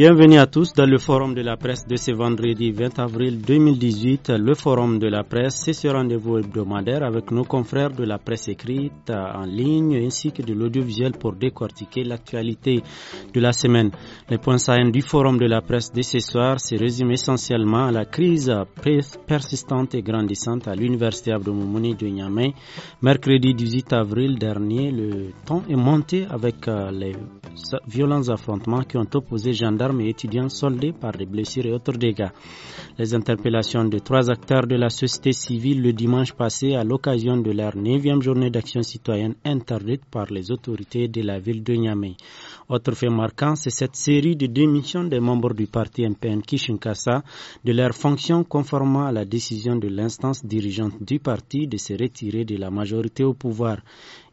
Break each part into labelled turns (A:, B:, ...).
A: Bienvenue à tous dans le Forum de la presse de ce vendredi 20 avril 2018. Le Forum de la presse, c'est ce rendez-vous hebdomadaire avec nos confrères de la presse écrite en ligne ainsi que de l'audiovisuel pour décortiquer l'actualité de la semaine. Les points saillants du Forum de la presse de ce soir se résument essentiellement à la crise persistante et grandissante à l'Université Abdomoumouni de Niamey. Mercredi 18 avril dernier, le temps est monté avec euh, les violents affrontements qui ont opposé gendarmes et étudiants soldés par des blessures et autres dégâts. Les interpellations de trois acteurs de la société civile le dimanche passé à l'occasion de leur neuvième journée d'action citoyenne interdite par les autorités de la ville de Niamey. Autre fait marquant, c'est cette série de démissions des membres du parti MPN Kishinkasa de leur fonction conformément à la décision de l'instance dirigeante du parti de se retirer de la majorité au pouvoir.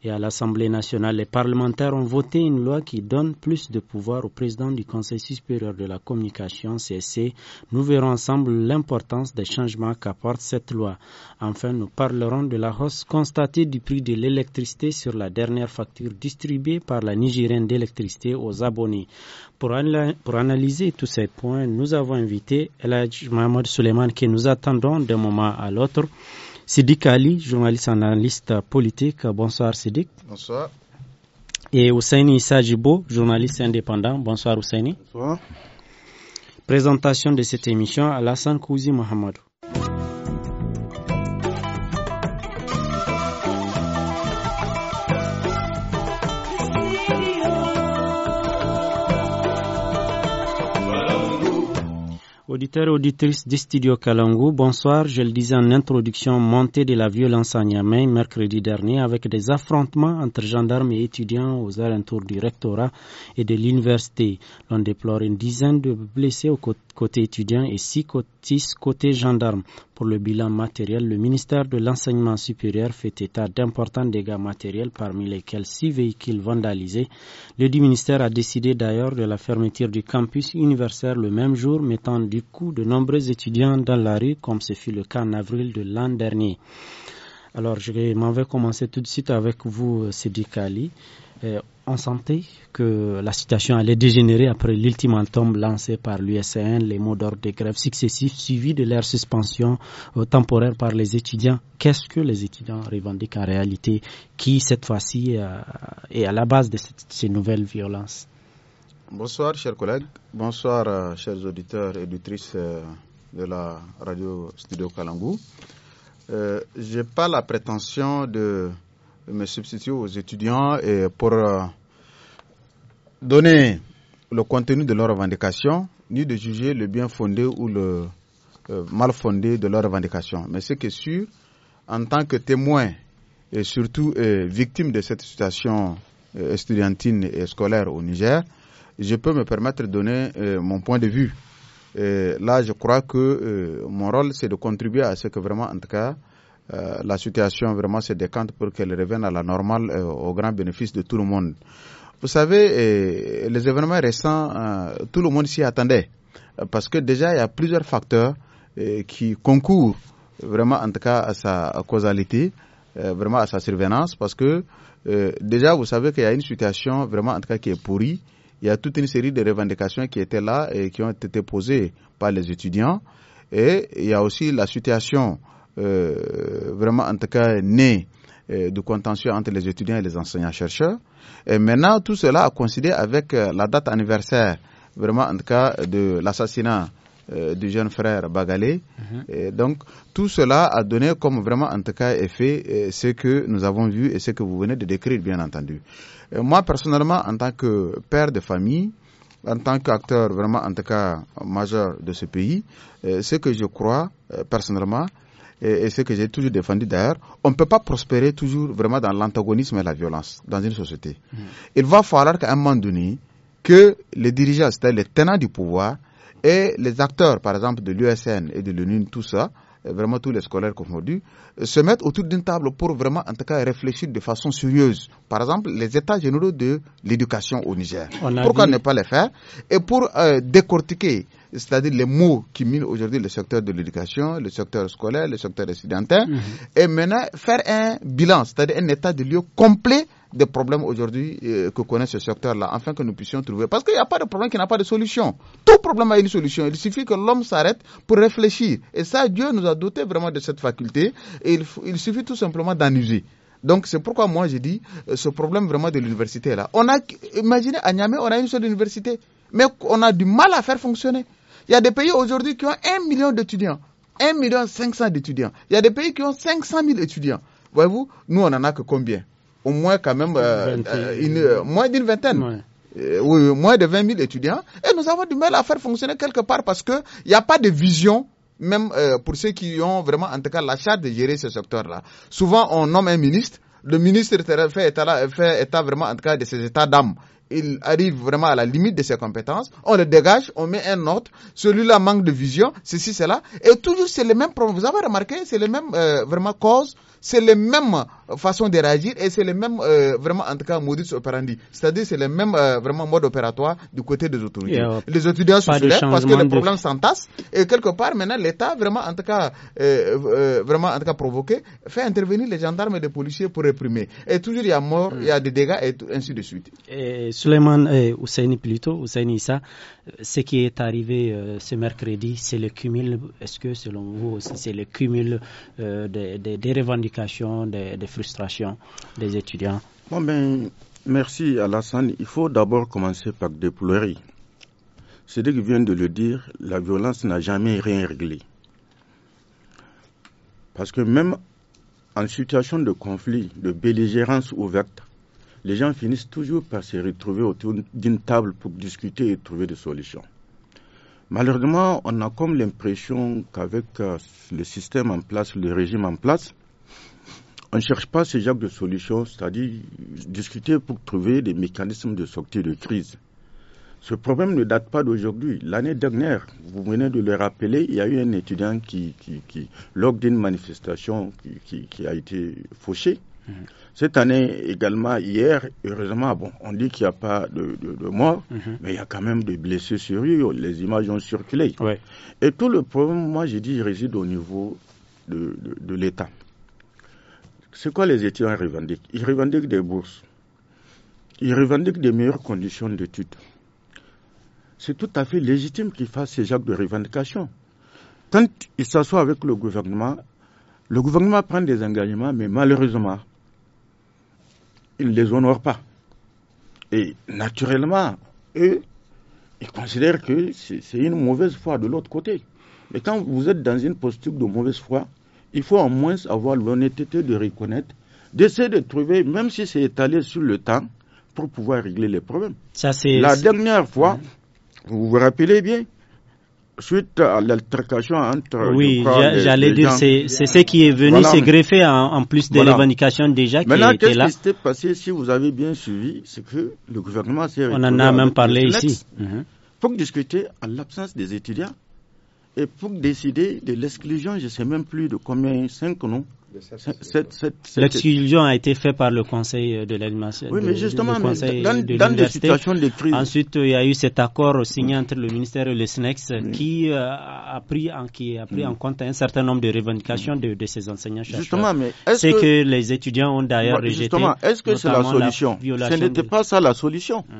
A: Et à l'Assemblée nationale, les parlementaires ont voté une loi qui donne plus de pouvoir au président du Conseil supérieur de la communication, CSC. Nous verrons ensemble l'importance des changements qu'apporte cette loi. Enfin, nous parlerons de la hausse constatée du prix de l'électricité sur la dernière facture distribuée par la Nigérienne d'électricité aux abonnés. Pour, analyser tous ces points, nous avons invité Elhaj Mohamed Suleiman que nous attendons d'un moment à l'autre. Sidik Ali, journaliste analyste politique. Bonsoir Sidik. Bonsoir. Et Ousseini Issa Jibo, journaliste indépendant. Bonsoir Ousseini. Bonsoir. Présentation de cette émission à Alassane Kouzi Mohamedou. Auditeurs et auditrices du studio Kalangu, bonsoir. Je le disais en introduction, montée de la violence à Niamey mercredi dernier avec des affrontements entre gendarmes et étudiants aux alentours du rectorat et de l'université. L'on déplore une dizaine de blessés aux côtés côté étudiant et 6 côté gendarme. Pour le bilan matériel, le ministère de l'Enseignement supérieur fait état d'importants dégâts matériels, parmi lesquels six véhicules vandalisés. Le dit ministère a décidé d'ailleurs de la fermeture du campus universitaire le même jour, mettant du coup de nombreux étudiants dans la rue, comme ce fut le cas en avril de l'an dernier. Alors, je m'en vais commencer tout de suite avec vous, Sidi Kali. Euh, on sentait que la situation allait dégénérer après l'ultimatum lancé par l'USN, les mots d'ordre des grèves successifs suivis de leur suspension euh, temporaire par les étudiants. Qu'est-ce que les étudiants revendiquent en réalité qui, cette fois-ci, euh, est à la base de ces nouvelles violences
B: Bonsoir, chers collègues. Bonsoir, euh, chers auditeurs et auditrices de la radio Studio Kalangou. je n'ai pas la prétention de me substituer aux étudiants et pour euh, donner le contenu de leurs revendications, ni de juger le bien fondé ou le euh, mal fondé de leurs revendications. Mais ce qui est sûr, en tant que témoin et surtout euh, victime de cette situation estudiantine et scolaire au Niger, je peux me permettre de donner mon point de vue. là, je crois que mon rôle, c'est de contribuer à ce que vraiment, en tout cas, euh, la situation vraiment se décante pour qu'elle revienne à la normale euh, au grand bénéfice de tout le monde. Vous savez, euh, les événements récents, tout le monde s'y attendait parce que déjà il y a plusieurs facteurs qui concourent vraiment en tout cas à sa causalité, vraiment à sa survenance parce que déjà vous savez qu'il y a une situation vraiment en tout cas qui est pourrie. Il y a toute une série de revendications qui étaient là et qui ont été posées par les étudiants. Et il y a aussi la situation euh, vraiment en tout cas né euh, de contentieux entre les étudiants et les enseignants-chercheurs. Et maintenant, tout cela a coïncidé avec euh, la date anniversaire, vraiment en tout cas, de l'assassinat du jeune frère Bagalé. Mhm. et donc, tout cela a donné comme vraiment en tout cas effet ce que nous avons vu et ce que vous venez de décrire, bien entendu. moi, personnellement, en tant que père de famille, en tant qu'acteur vraiment en tout cas majeur de ce pays, ce que je crois personnellement, et, et ce que j'ai toujours défendu d'ailleurs, on ne peut pas prospérer toujours vraiment dans l'antagonisme et la violence dans une société. Mm. Il va falloir qu'à un moment donné, que les dirigeants, c'est-à-dire les tenants du pouvoir, et les acteurs, par exemple, de l'USN et de l'ONU, tout ça, vraiment tous les scolaires confondus, se mettent autour d'une table pour vraiment, en tout cas, réfléchir de façon sérieuse. Par exemple, les états généraux de l'éducation au Niger. Pourquoi ne pas les faire Et pour euh, décortiquer c'est-à-dire les mots qui minent aujourd'hui le secteur de l'éducation, le secteur scolaire, le secteur résidentiel, mhm. et maintenant faire un bilan, c'est-à-dire un état de lieu complet des problèmes aujourd'hui euh, que connaît ce secteur-là, afin que nous puissions trouver. Parce qu'il n'y a pas de problème qui n'a pas de solution. Tout problème a une solution. Il suffit que l'homme s'arrête pour réfléchir. Et ça, Dieu nous a dotés vraiment de cette faculté. Et il, il suffit tout simplement d'en user. Donc c'est pourquoi moi j'ai dit euh, ce problème vraiment de l'université là. On a imaginez à Niamey on a une seule université, mais on a du mal à faire fonctionner. Il y a des pays aujourd'hui qui ont 1 million d'étudiants, 1 million 500 d'étudiants. Il y a des pays qui ont 500 000 étudiants. Voyez-vous, nous, on n'en a que combien Au moins quand même euh, euh, euh, moins d'une vingtaine. oui, moins de 20 000 étudiants. Et nous avons du mal à faire fonctionner quelque part parce qu'il n'y a pas de vision même pour ceux qui ont vraiment, en tout cas, la charge de gérer ce secteur-là. Souvent, on nomme un ministre, le ministre fait état, fait état vraiment, en tout cas, de ses états d'âme il arrive vraiment à la limite de ses compétences, on le dégage, on met un autre, celui-là manque de vision, ceci, cela, et toujours c'est les mêmes problème. Vous avez remarqué, c'est les même, euh, vraiment cause c'est les mêmes façons de réagir et c'est les mêmes, euh, vraiment, en tout cas, modus operandi. C'est-à-dire, c'est les mêmes, euh, vraiment, mode opératoire du côté des autorités. Les étudiants se soulèvent parce que le problème s'entasse. et quelque part, maintenant, l'État, vraiment, en tout cas, euh, euh, vraiment, en tout cas, provoqué, fait intervenir les gendarmes et les policiers pour réprimer. Et toujours, il y a mort, il y a des dégâts et tout, ainsi de suite.
A: Et Suleiman plutôt, Issa, ce qui est arrivé euh, ce mercredi, c'est le cumul, est-ce que selon vous aussi, c'est le cumul euh, des, revendications, des, frustrations des étudiants ben,
C: Merci Alassane. Il faut d'abord commencer par déplorer. C'est que vient de le dire, la violence n'a jamais rien réglé. Parce que même en situation de conflit, de belligérance ouverte, les gens finissent toujours par se retrouver autour d'une table pour discuter et trouver des solutions. Malheureusement, on a comme l'impression qu'avec euh, le système en place, le régime en place, on ne cherche pas ce genre de solutions, c'est-à-dire discuter pour trouver des mécanismes de sortie de crise. Ce problème ne date pas d'aujourd'hui. L'année dernière, vous venez de le rappeler, il y a eu un étudiant qui, qui, lors d'une manifestation, qui, a été fauché. Mhm. Cette année également, hier, heureusement, bon, on dit qu'il n'y a pas de, de, morts, mhm. mais il y a quand même des blessés sérieux. Les images ont circulé. Et tout le problème, moi, j'ai dit, réside au niveau de, de l'État. C'est quoi les étudiants revendiquent Ils revendiquent des bourses. Ils revendiquent des meilleures conditions d'études. C'est tout à fait légitime qu'ils fassent ces actes de revendication. Quand ils s'assoient avec le gouvernement, le gouvernement prend des engagements, mais malheureusement, ils ne les honorent pas. Et naturellement, eux, ils considèrent que c'est une mauvaise foi de l'autre côté. Mais quand vous êtes dans une posture de mauvaise foi, il faut au moins avoir l'honnêteté de reconnaître, d'essayer de trouver, même si c'est étalé sur le temps, pour pouvoir régler les problèmes.
A: Ça, La
C: dernière fois, vous vous rappelez bien, suite à l'altercation entre. Oui, j'allais dire, c'est
A: ce qui est venu se greffer en, plus de voilà. déjà qui était là. qu'est-ce qui
C: s'est passé si vous avez bien suivi C'est que le gouvernement s'est On en a même parlé ici. Mhm. Pour discuter en
A: l'absence des étudiants et pour décider
C: de l'exclusion, je sais même plus de combien, cinq
A: noms, L'exclusion a été faite par le conseil de l'administration. Oui, mais justement, dans, des situations de crise. Ensuite, il y a eu cet accord signé entre le ministère et le SNEX euh, qui, a pris mm. en, compte un certain nombre de revendications de, ces enseignants chercheurs. Justement, mais est-ce c'est que, les étudiants ont d'ailleurs rejeté. Justement, est-ce que c'est la solution Ce n'était
C: pas ça la solution. Mm.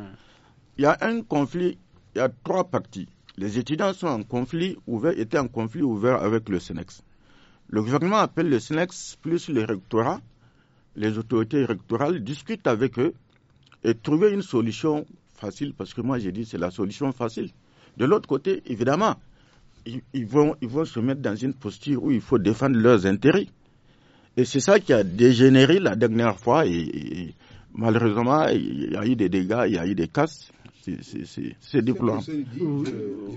C: Il y a un conflit, il y a trois parties. Les étudiants sont en conflit ouvert, étaient en conflit ouvert avec le SNEX. Le gouvernement appelle le SNEX plus le rectorat. Les autorités rectorales discutent avec eux et trouver une solution facile, parce que moi j'ai dit c'est la solution facile. De l'autre côté, évidemment, ils, vont, se mettre dans une posture où il faut défendre leurs intérêts. Et c'est ça qui a dégénéré la dernière fois. et malheureusement, il y a eu des dégâts, il y a eu des casses. C'est déplorable.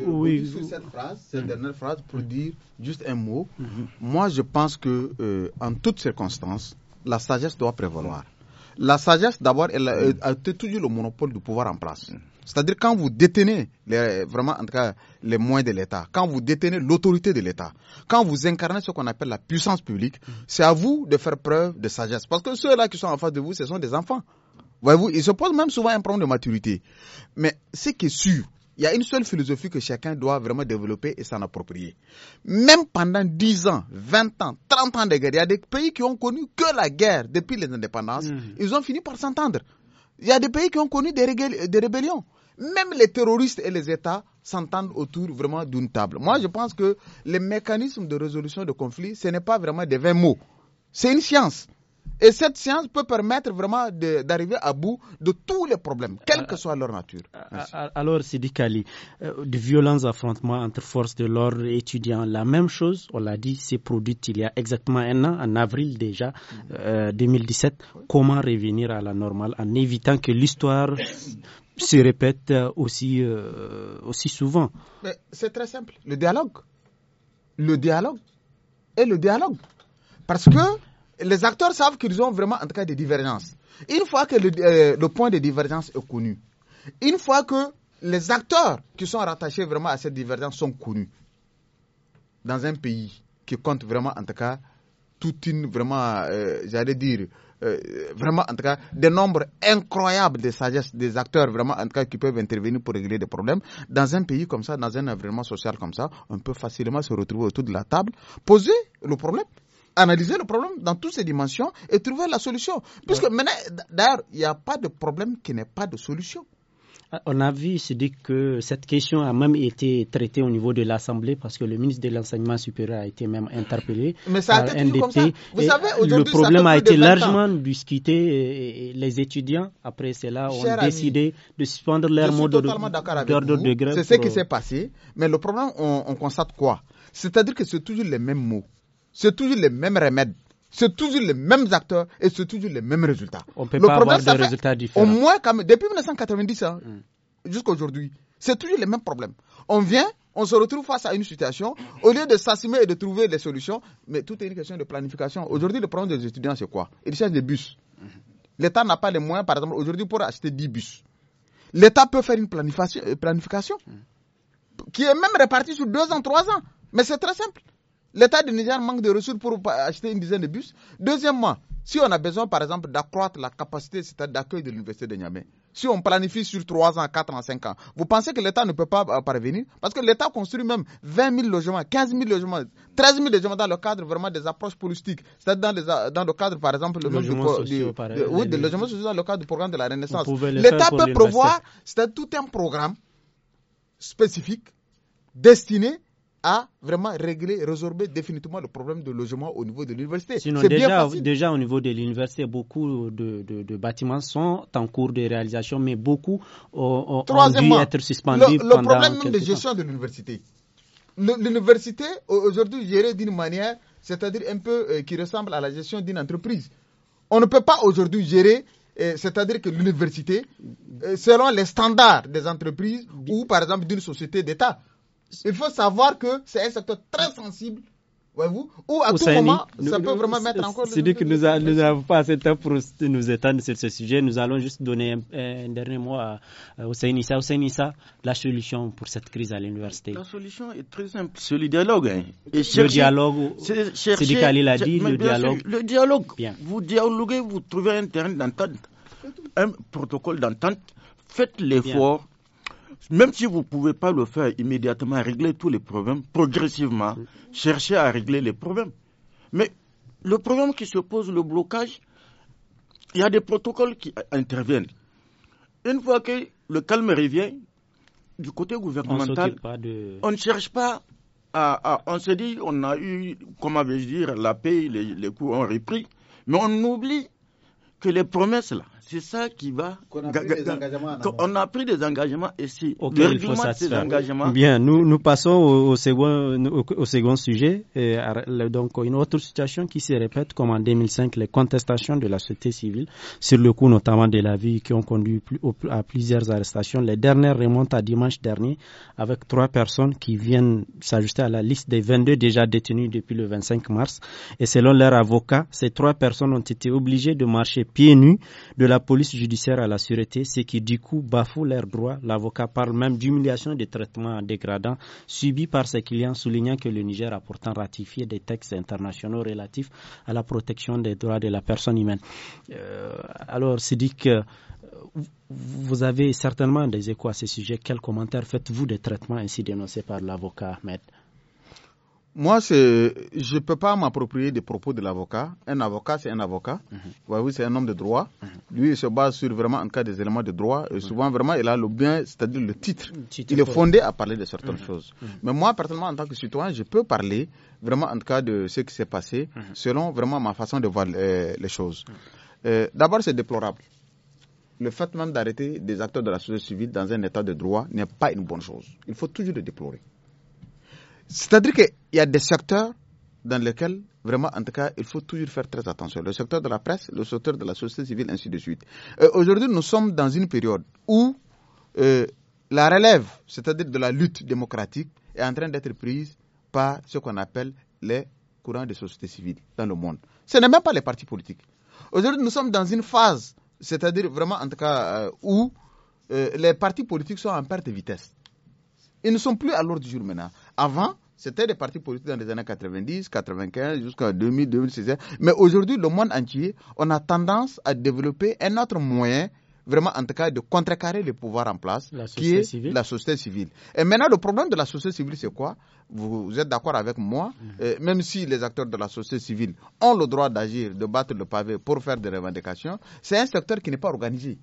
B: oui. Sur cette phrase, cette dernière phrase, pour dire juste un mot. Mm-hmm. Moi, je pense que euh, en toutes circonstances, la sagesse doit prévaloir. La sagesse, d'abord, elle a, elle toujours le monopole du pouvoir en place. Mm-hmm. C'est-à-dire quand vous détenez vraiment en tout cas les moyens de l'État, quand vous détenez l'autorité de l'État, quand vous incarnez ce qu'on appelle la puissance publique, mm-hmm. c'est à vous de faire preuve de sagesse. Parce que ceux-là qui sont en face de vous, ce sont des enfants. Voyez-vous, il se pose même souvent un problème de maturité. Mais ce qui est sûr, il y a une seule philosophie que chacun doit vraiment développer et s'en approprier. Même pendant 10 ans, 20 ans, 30 ans de guerre, il y a des pays qui ont connu que la guerre depuis les indépendances. Mm. Ils ont fini par s'entendre. Il y a des pays qui ont connu des, des rébellions. Même les terroristes et les États s'entendent autour vraiment d'une table. Moi, je pense que les mécanismes de résolution de conflits, ce n'est pas vraiment des 20 mots. C'est une science. Et cette science peut permettre vraiment d'arriver à bout de tous les problèmes, quelle que soit leur nature.
A: Euh, euh, euh, alors, Sidi Kali, de violents affrontements entre forces de l'ordre et étudiants, la même chose, on l'a dit, s'est produite il y a exactement un an, en avril déjà 2017. Comment revenir à la normale en évitant que l'histoire se répète aussi, aussi souvent
B: C'est très simple, le
A: dialogue. Le dialogue. Et le dialogue.
B: Parce que les acteurs savent qu'ils ont vraiment en tout cas des divergences. Une fois que euh, le, point de divergence est connu, une fois que les acteurs qui sont rattachés vraiment à cette divergence sont connus dans un pays qui compte vraiment en tout cas toute une vraiment, euh, j'allais dire, euh, vraiment en tout cas des nombres incroyables de sagesse des acteurs vraiment en tout cas qui peuvent intervenir pour régler des problèmes dans un pays comme ça dans un environnement social comme ça on peut facilement se retrouver autour de la table poser le problème analyser le problème dans toutes ses dimensions et trouver la solution. Puisque maintenant, d'ailleurs, il n'y a pas de problème
A: qui n'est pas de solution. Ah, on a vu, c'est dit que cette question a même été traitée au niveau de l'Assemblée parce que le ministre de l'Enseignement supérieur a été même interpellé. Mais ça a été comme ça.
B: Vous savez, le problème a été largement
A: discuté les étudiants, après cela, ont décidé de suspendre leur mode d'ordre de grève. C'est ce qui s'est passé.
B: Mais le problème, on constate quoi C'est-à-dire que c'est toujours les mêmes mots c'est toujours les mêmes remèdes, c'est toujours les mêmes acteurs et c'est toujours les mêmes résultats. On peut pas avoir des résultats différents. Au moins, quand depuis 1990 hein, hmm. jusqu'à aujourd'hui, c'est toujours les mêmes problèmes. On vient, on se retrouve face à une situation, au lieu de s'assumer et de trouver des solutions, mais tout est une question de planification. Aujourd'hui, le problème des étudiants, c'est quoi Ils cherchent des bus. Hmm. L'État n'a pas les moyens, par exemple, aujourd'hui, pour acheter 10 bus. L'État peut faire une planification, euh, planification hmm. qui est même répartie sur 2 ans, 3 ans. Mais c'est très simple. L'État de Niger manque de ressources pour acheter une dizaine de bus. Deuxièmement, si on a besoin, par exemple, d'accroître la capacité d'accueil de l'Université de Niamey, si on planifie sur 3 ans, 4 ans, 5 ans, vous pensez que l'État ne peut pas euh, parvenir Parce que l'État construit même 20 000 logements, 15 000 logements, 13 000 logements dans le cadre vraiment des approches politiques. C'est-à-dire dans, euh, le cadre, par exemple, du, des logements sociaux dans le cadre du programme de la Renaissance. L'État peut prévoir, c'est tout un programme spécifique destiné à vraiment régler, résorber définitivement le problème de logement au niveau de l'université. Sinon, déjà, déjà
A: au niveau de l'université, beaucoup de, bâtiments sont en cours de réalisation, mais beaucoup ont, dû être suspendus. Le, pendant le problème de
B: gestion de l'université. L'université, aujourd'hui, gérée d'une manière, c'est-à-dire un peu euh, qui ressemble à la gestion d'une entreprise. On ne peut pas aujourd'hui gérer euh, c'est-à-dire que l'université, euh, selon les standards des entreprises ou par exemple d'une société d'État il faut savoir que c'est un secteur très sensible voyez vous Ou à Au moment, ça peut vraiment mettre en cause. C'est dit que nous
A: n'avons pas assez de temps pour nous étendre sur ce sujet. Nous allons juste donner un, dernier mot à, Ousainissa. Ousainissa, la solution pour cette crise à l'université
C: La solution est très simple,
A: c'est le dialogue. Hein.
C: Et chercher, le dialogue,
A: c'est ce Khalil a dit, le dialogue.
C: Le dialogue, vous dialoguez, vous trouvez un terrain d'entente, un protocole d'entente. Faites l'effort même si vous ne pouvez pas le faire immédiatement, régler tous les problèmes, progressivement, chercher à régler les problèmes. Mais le problème qui se pose, le blocage, il y a des protocoles qui interviennent. Une fois que le calme revient, du côté gouvernemental, on, ne cherche pas à, On se dit, on a eu, comment vais-je dire, la paix, les, les coûts ont repris, mais on oublie que les promesses, là, c'est ça qui va. on, a pris des engagements ici. il faut ces Bien,
A: nous, nous passons au, au second, au, second sujet. Et, donc, une autre situation qui se répète, comme en 2005, les contestations de la société civile sur le coup notamment de la vie qui ont conduit à plusieurs arrestations. Les dernières remontent à dimanche dernier avec trois personnes qui viennent s'ajuster à la liste des 22 déjà détenus depuis le 25 mars. Et selon leur avocat, ces trois personnes ont été obligées de marcher pieds nus de la police judiciaire à la sûreté, ce qui du coup bafoue leurs droits. L'avocat parle même d'humiliation de traitements dégradants subis par ses clients, soulignant que le Niger a pourtant ratifié des textes internationaux relatifs à la protection des droits de la personne humaine. Euh, alors, c'est dit que euh, vous avez certainement des échos à ce sujet. Quels commentaires faites-vous des traitements ainsi dénoncés par l'avocat Ahmed
B: moi, je ne peux pas m'approprier des propos de l'avocat. Un avocat, c'est un avocat. Mhm. oui, c'est un homme de droit. Mhm. Lui, il se base sur vraiment en cas des éléments de droit. Et mhm. souvent, vraiment, il a le bien, c'est-à-dire le titre. Il est fondé à parler de certaines choses. Mais moi, personnellement, en tant que citoyen, je peux parler vraiment, en cas, de ce qui s'est passé selon vraiment ma façon de voir euh, les choses. Euh, d'abord, c'est déplorable. Le fait même d'arrêter des acteurs de la société civile dans un état de droit n'est pas une bonne chose. Il faut toujours le déplorer. C'est-à-dire qu'il y a des secteurs dans lesquels, vraiment, en tout cas, il faut toujours faire très attention. Le secteur de la presse, le secteur de la société civile, ainsi de suite. Euh, aujourd'hui, nous sommes dans une période où euh, la relève, c'est-à-dire de la lutte démocratique, est en train d'être prise par ce qu'on appelle les courants de société civile dans le monde. Ce n'est même pas les partis politiques. Aujourd'hui, nous sommes dans une phase, c'est-à-dire vraiment, en tout cas, euh, où les partis politiques sont en perte de vitesse. Ils ne sont plus à l'ordre du jour maintenant. Avant, c'était des partis politiques dans les années 90, 95, jusqu'en 2000, 2016. Mais aujourd'hui, le monde entier, on a tendance à développer un autre moyen vraiment en tout cas de contrecarrer les pouvoirs en place, qui est la société civile. Et maintenant, le problème de la société civile, c'est quoi vous, êtes d'accord avec moi, mm. euh, même si les acteurs de la société civile ont le droit d'agir, de battre le pavé pour faire des revendications, c'est un secteur qui n'est pas organisé.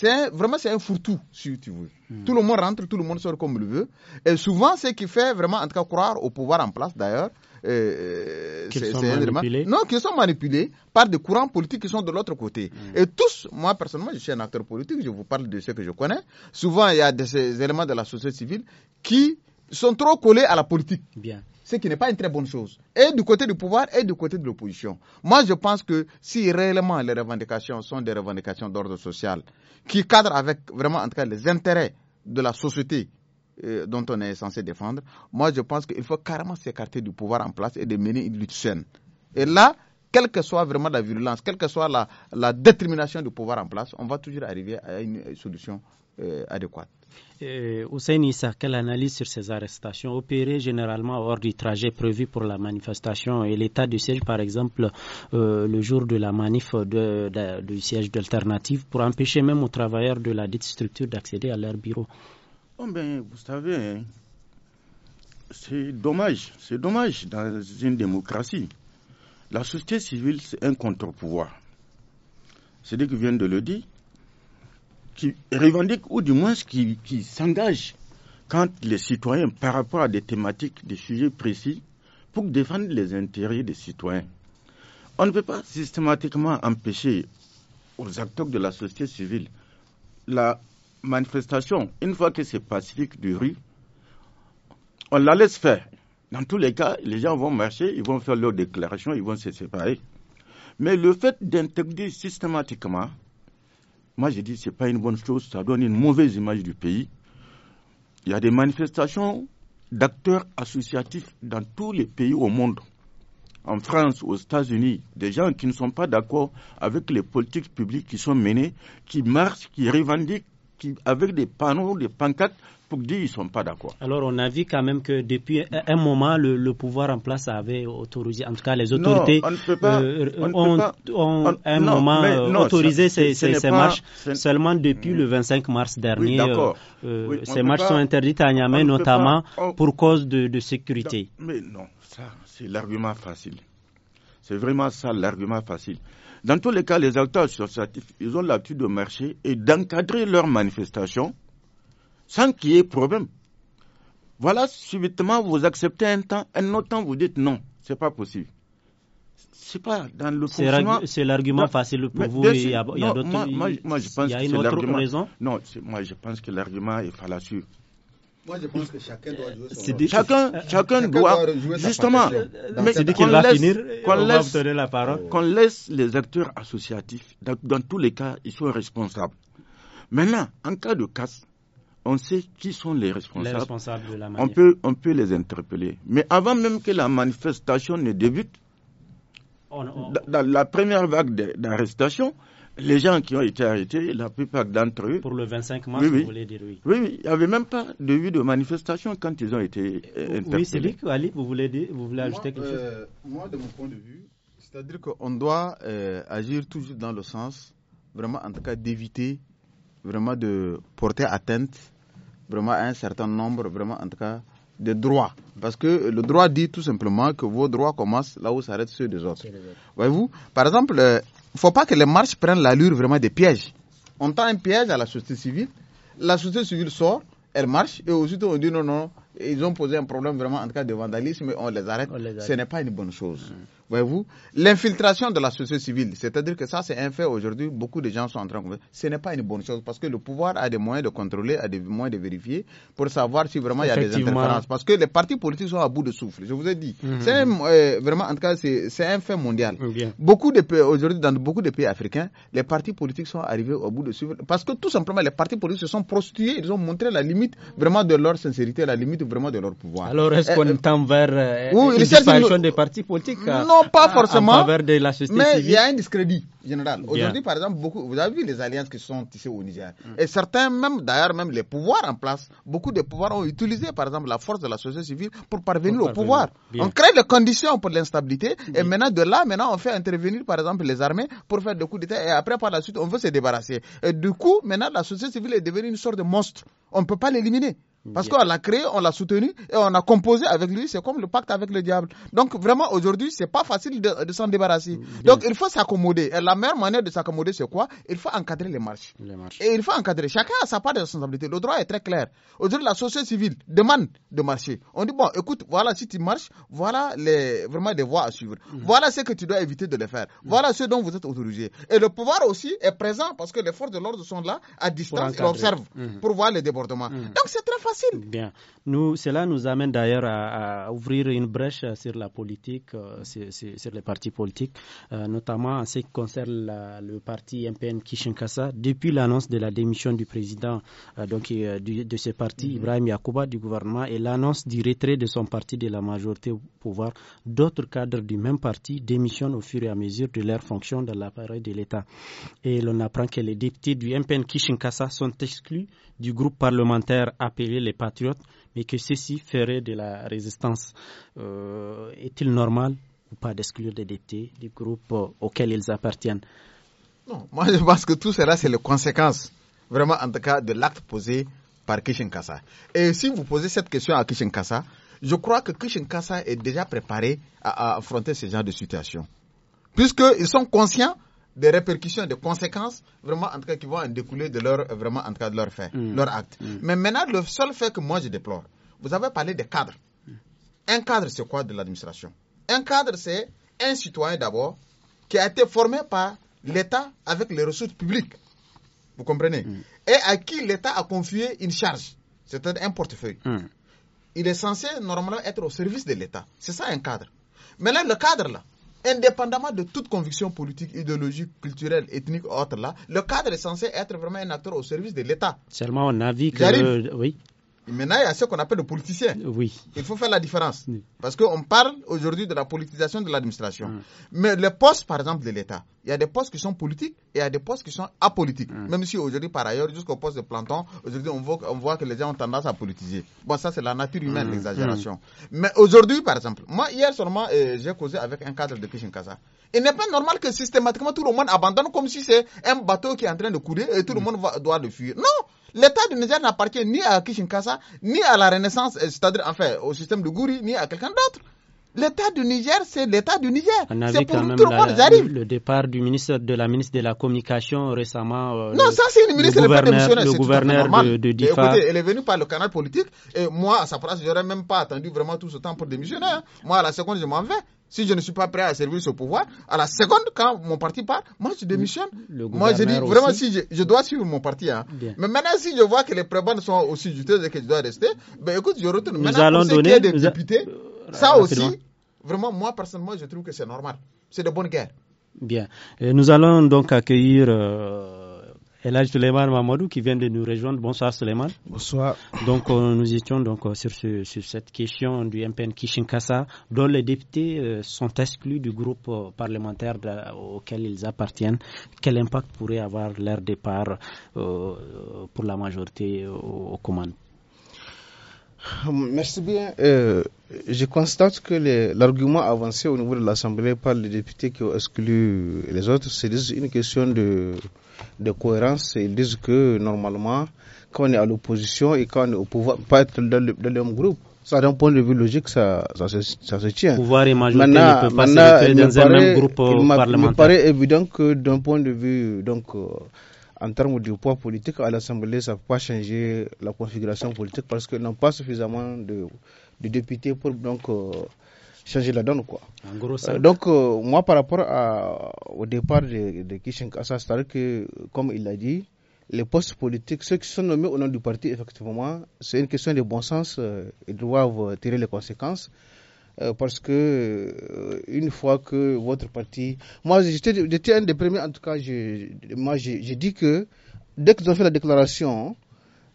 B: C'est vraiment c'est un fourre-tout, si tu veux. Hmm. Tout le monde rentre, tout le monde sort comme il veut. Et souvent, ce qui fait vraiment, en tout cas, croire au pouvoir en place, d'ailleurs, euh, euh c'est sont manipulés. Non, qui sont manipulés par des courants politiques qui sont de l'autre côté. Hmm. Et tous, moi personnellement, je suis un acteur politique, je vous parle de ce que je connais. Souvent, il y a des éléments de la société civile qui sont trop collés à la politique. Bien. Ce qui n'est pas une très bonne chose. Et du côté du pouvoir et du côté de l'opposition. Moi, je pense que si réellement les revendications sont des revendications d'ordre social, qui cadrent avec vraiment, en tout cas, les intérêts de la société euh, dont on est censé défendre, moi, je pense qu'il faut carrément s'écarter du pouvoir en place et de mener une lutte saine. Et là, quelle que soit vraiment la violence, quelle que soit la, détermination du pouvoir en place, on va toujours arriver à une solution euh, adéquate.
A: Euh, Hussein Issa, quelle analyse sur ces arrestations opérées généralement hors du trajet prévu pour la manifestation et l'état du siège, par exemple, euh, le jour de la manif du siège d'alternative pour empêcher même aux travailleurs de la dite structure d'accéder à leur bureau
C: oh, ben, Vous savez, c'est dommage, c'est dommage dans une démocratie. La société civile, c'est un contre-pouvoir. C'est que vient de le dire qui revendique ou du moins qui, qui s'engagent quand les citoyens par rapport à des thématiques, des sujets précis, pour défendre les intérêts des citoyens. On ne peut pas systématiquement empêcher aux acteurs de la société civile la manifestation, une fois que c'est pacifique de rue, on la laisse faire. Dans tous les cas, les gens vont marcher, ils vont faire leur déclarations, ils vont se séparer. Mais le fait d'interdire systématiquement moi, je dis que ce n'est pas une bonne chose, ça donne une mauvaise image du pays. Il y a des manifestations d'acteurs associatifs dans tous les pays au monde, en France, aux États-Unis, des gens qui ne sont pas d'accord avec les politiques publiques qui sont menées, qui marchent, qui revendiquent avec des panneaux, des pancartes pour dire qu'ils ne sont pas d'accord.
A: Alors on a vu quand même que depuis un moment, le, pouvoir en place avait autorisé, en tout cas les autorités ont, un moment autorisé ces, marches. Seulement depuis le 25 hmm. mars dernier, euh, ces marches sont interdites à Niamey notamment pour cause de, de sécurité.
C: Mais non, ça c'est l'argument facile. C'est vraiment ça l'argument facile. Dans tous les cas, les acteurs associatifs, ils ont l'habitude de marcher et d'encadrer leurs manifestations sans qu'il y ait problème. Voilà, subitement, vous acceptez un temps, un autre temps, vous dites non, ce n'est pas possible. C'est pas dans le fonctionnement. C'est l'argument facile pour vous. Il y a, d'autres. autre Non, moi, je pense que l'argument est fallacieux. Moi, je pense que chacun doit jouer
A: son rôle. Chacun, chacun, doit, justement. c'est dit qu'il va finir.
C: Qu'on laisse, les acteurs associatifs. Dans, dans, tous les cas, ils sont responsables. Maintenant, en cas de casse, on sait qui sont les responsables. on peut, on peut les interpeller. Mais avant même que la manifestation ne débute, dans la première vague d'arrestation, les gens qui ont été arrêtés, la plupart d'entre eux. Pour le 25 mars, vous voulez dire oui. Oui, il n'y avait même pas de vue de manifestation quand ils ont été euh, interpellés. Oui,
A: c'est Ali, vous voulez, vous voulez ajouter quelque chose euh,
B: Moi, de mon point de vue, c'est-à-dire qu'on doit euh, agir toujours dans le sens, vraiment, en tout cas, d'éviter vraiment de porter atteinte vraiment à un certain nombre, vraiment, en tout cas, de droits. Parce que le droit dit tout simplement que vos droits commencent là où s'arrêtent ceux des autres. Voyez-vous Par exemple, ne faut pas que les marches prennent l'allure vraiment des pièges. On tend un piège à la société civile, la société civile sort, elle marche, et aussitôt on dit non, non, ils ont posé un problème vraiment en cas de vandalisme, on les arrête. Ce n'est pas une bonne chose. Mmh. Voyez-vous L'infiltration de la société civile, c'est-à-dire que ça, c'est un fait aujourd'hui. Beaucoup de gens sont en train de. Ce n'est pas une bonne chose parce que le pouvoir a des moyens de contrôler, a des moyens de vérifier pour savoir si vraiment il y a des interférences. Parce que les partis politiques sont à bout de souffle. Je vous ai dit. Mhm. C'est euh, vraiment, en tout cas, c'est un fait mondial. Beaucoup de pays, aujourd'hui, dans beaucoup de pays africains, les partis politiques sont arrivés au bout de souffle parce que tout simplement, les partis politiques se sont prostitués. Ils ont montré la limite vraiment de leur sincérité, la limite vraiment de leur pouvoir. Alors, est-ce euh, qu'on euh,
A: tend vers euh, une disparition des partis politiques pas ah, forcément. De la mais il y a un discrédit
B: général. Aujourd'hui, par exemple, beaucoup, vous avez vu les alliances qui sont tissées au Niger. Mm. Et certains, même d'ailleurs, même les pouvoirs en place, beaucoup de pouvoirs ont utilisé, par exemple, la force de la société civile pour parvenir, au pouvoir. On crée les conditions pour l'instabilité. Et maintenant, de là, maintenant, on fait intervenir, par exemple, les armées pour faire des coups d'État. Et après, par la suite, on veut se débarrasser. Et du coup, maintenant, la société civile est devenue une sorte de monstre. On ne peut pas l'éliminer. Parce qu'on l'a créé, on l'a soutenu et on a composé avec lui. C'est comme le pacte avec le diable. Donc vraiment aujourd'hui, c'est pas facile de, s'en débarrasser. Mm, Donc il faut s'accommoder. Et la meilleure manière de s'accommoder, c'est quoi Il faut encadrer les marches. les Et il faut encadrer. Chacun a sa part de responsabilité. Le droit est très clair. Aujourd'hui, la société civile demande de marcher. On dit bon, écoute, voilà si tu marches, voilà les vraiment des voies à suivre. Mm. Voilà ce que tu dois éviter de le faire. Mm. Voilà ce dont vous êtes autorisé. Et le pouvoir aussi est présent parce que les forces de l'ordre sont là à distance et observent pour voir les débordements. Donc c'est très
A: facile Bien. Nous, cela nous amène d'ailleurs à, ouvrir une brèche sur la politique, euh, sur, les partis politiques, euh, notamment en ce qui concerne le parti MPN Kishinkasa. Depuis l'annonce de la démission du président euh, donc, de ce parti, mm-hmm. Ibrahim Yakuba, du gouvernement, et l'annonce du retrait de son parti de la majorité au pouvoir, d'autres cadres du même parti démissionnent au fur et à mesure de leur fonction dans l'appareil de l'État. Et l'on apprend que les députés du MPN Kishinkasa sont exclus du groupe parlementaire appelé les Patriotes, mais que ceci ferait de la résistance. Euh, est-il normal ou pas d'exclure des députés du groupe euh, auquel ils appartiennent
B: Non, moi je pense
A: que tout cela, c'est les conséquences,
B: vraiment en tout cas, de l'acte posé par Kishin Et si vous posez cette question à Kishin Kassa, je crois que Kishin Kassa est déjà préparé à affronter ce genre de situation. Puisqu'ils sont conscients des répercussions, des conséquences, vraiment, en tout cas, qui vont en découler de leur, vraiment, en tout cas, de leur fait, mm. leur acte. Mm. Mais maintenant, le seul fait que moi je déplore, vous avez parlé des cadres. Mm. Un cadre, c'est quoi de l'administration Un cadre, c'est un citoyen d'abord qui a été formé par l'État avec les ressources publiques. Vous comprenez Et à qui l'État a confié une charge, c'est-à-dire un portefeuille. Il est censé normalement être au service de l'État. C'est ça un cadre. Mais là le cadre là, indépendamment de toute conviction politique, idéologique, culturelle, ethnique, autre là, le cadre est censé être vraiment un acteur au service de l'État.
A: Seulement, on a vu que, oui,
B: Maintenant, il y a ce qu'on appelle le politicien. Oui. Il faut faire la différence. Parce qu'on parle aujourd'hui de la politisation de l'administration. Ah. Mais les postes, par exemple, de l'État, il y a des postes qui sont politiques et il y a des postes qui sont apolitiques. Ah. Même si aujourd'hui, par ailleurs, jusqu'au poste de planton, aujourd'hui, on voit, on voit, que les gens ont tendance à politiser. Bon, ça, c'est la nature humaine, ah. l'exagération. Mais aujourd'hui, par exemple, moi, hier seulement, euh, j'ai causé avec un cadre de Kaza. Il n'est pas normal que systématiquement tout le monde abandonne comme si c'est un bateau qui est en train de couler et tout le mm. monde doit le fuir. Non! L'État du Niger n'appartient ni à Kishinkasa, ni à la Renaissance, euh, c'est-à-dire enfin au système de Gouri, ni à quelqu'un d'autre. L'État du Niger, c'est l'État du Niger. On a vu quand même
A: le départ du ministre de la ministre de la Communication récemment. Euh, non, ça
B: c'est une ministre, Le gouverneur de, Écoutez, elle est venue par le canal politique et moi, à sa place, j'aurais même pas attendu vraiment tout ce temps pour démissionner. Hein. Moi, à la seconde, je m'en vais. Si je ne suis pas prêt à servir ce pouvoir, à la seconde, quand mon parti part, moi je démissionne. Moi je dis vraiment, si je, dois suivre mon parti. Hein. Mais maintenant, si je vois que les prébendes sont aussi juteuses et que je dois rester, ben écoute, je retourne. Nous allons donner, des députés, euh, ça euh, aussi, vraiment, moi personnellement, je trouve que c'est normal. C'est de bonne guerre.
A: Bien. nous allons donc accueillir. Euh, et là, Suleiman Mamadou qui vient de nous rejoindre. Bonsoir Suleiman. Bonsoir. Donc euh, nous étions donc euh, sur, sur, cette question du MPN Kishinkasa dont les députés euh, sont exclus du groupe parlementaire auquel ils appartiennent. Quel impact pourrait avoir leur départ pour la majorité au commandes Merci
D: bien. Euh, je constate que l'argument avancé au niveau de l'Assemblée par les députés qui ont exclu les autres, c'est une question de, de cohérence. Ils disent que normalement, quand on est à l'opposition et quand on est au pouvoir, pas être dans le, même groupe. Ça, d'un point de vue logique, ça, ça, se, ça se tient. Pouvoir et majorité ne peut pas dans un même groupe parlementaire. Euh, il me paraît évident que d'un point de vue donc, euh, en termes du poids politique à l'Assemblée, ça ne peut pas changer la configuration politique parce qu'ils n'ont pas suffisamment de, députés pour donc euh, changer la donne. Quoi. Euh, donc, euh, moi, par rapport au départ de, de c'est-à-dire comme il l'a dit, les postes politiques, ceux qui sont nommés au nom du parti, effectivement, c'est une question de bon sens. ils doivent tirer les conséquences. Euh, parce que euh, une fois que votre parti, moi j'étais un des premiers en tout cas, je, moi j'ai dit que dès qu'ils ont fait la déclaration,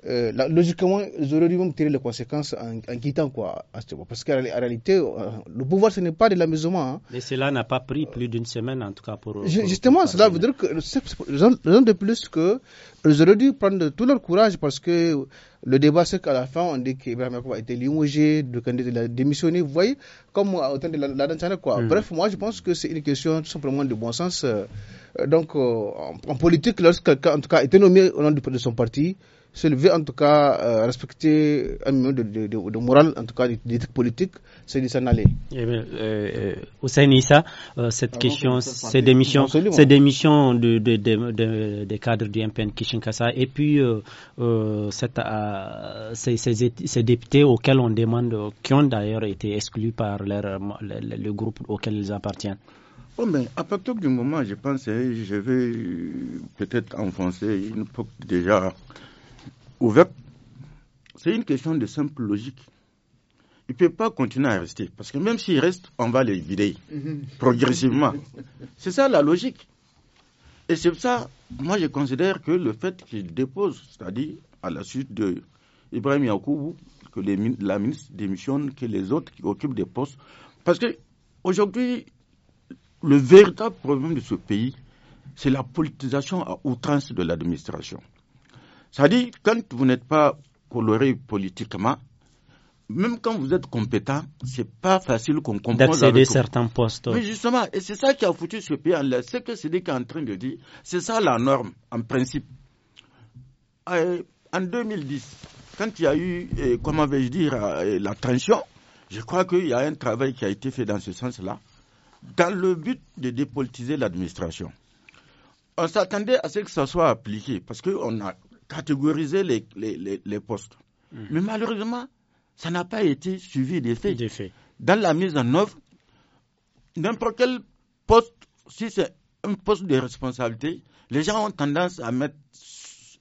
D: euh, logiquement, ils auraient dû tirer les conséquences en, quittant, quoi, Parce qu'en réalité, euh, le pouvoir, ce n'est pas de l'amusement. Hein.
A: Mais cela n'a pas pris plus d'une semaine, en tout cas, pour.
D: justement, cela veut dire que, gens de plus que, ils auraient dû prendre tout leur courage parce que euh, le débat, c'est qu'à la fin, on dit qu'Ibrahim a été limogé, le a démissionné, vous voyez, comme au de la, la quoi. Hmm. Bref, moi, je pense que c'est une question tout simplement de bon sens. Donc, en, politique, lorsque quelqu'un, en tout cas, était nommé au nom de son parti, se lever, en tout cas, euh, respecter un minimum de, morale, en tout cas d'éthique politique, c'est de s'en aller.
A: Euh, de cette question, ces démissions, ces des cadres du MPN Kishinkasa et puis euh, euh, cette, ces, ces, députés auxquels on demande, qui ont d'ailleurs été exclus par leur, le, groupe auquel ils appartiennent.
C: A ben, à partir du moment, je pense, hein, je vais peut-être enfoncer une porte déjà E c'est une question de simple logique. Il ne peut pas continuer à rester. Parce que même s'il reste, on va les vider progressivement. C'est ça la logique. Et c'est ça, moi je considère que le fait qu'il dépose, c'est-à-dire à la suite de Ibrahim Yakoubou, que la ministre démissionne, que les autres occupent des postes. Parce que aujourd'hui, le véritable problème de ce pays, c'est la politisation à outrance de l'administration. Ça dit, quand vous n'êtes pas coloré politiquement, même quand vous êtes compétent, c'est pas facile qu'on comprenne. D'accéder certains postes. Mais justement, et c'est ça qui a foutu ce pays en l'air. C'est que c'est est en train de dire, c'est ça la norme, en principe. Euh, en 2010, quand il y a eu, euh, comment vais-je dire, euh, la tension, je crois qu'il y a un travail qui a été fait dans ce sens-là, dans le but de dépolitiser l'administration. On s'attendait à ce que ça soit appliqué, parce qu'on a catégoriser les, les, les, postes. Mhm. Mais malheureusement, ça n'a pas été suivi des faits. Dans la mise en œuvre, n'importe quel poste, si c'est un poste de responsabilité, les gens ont tendance à mettre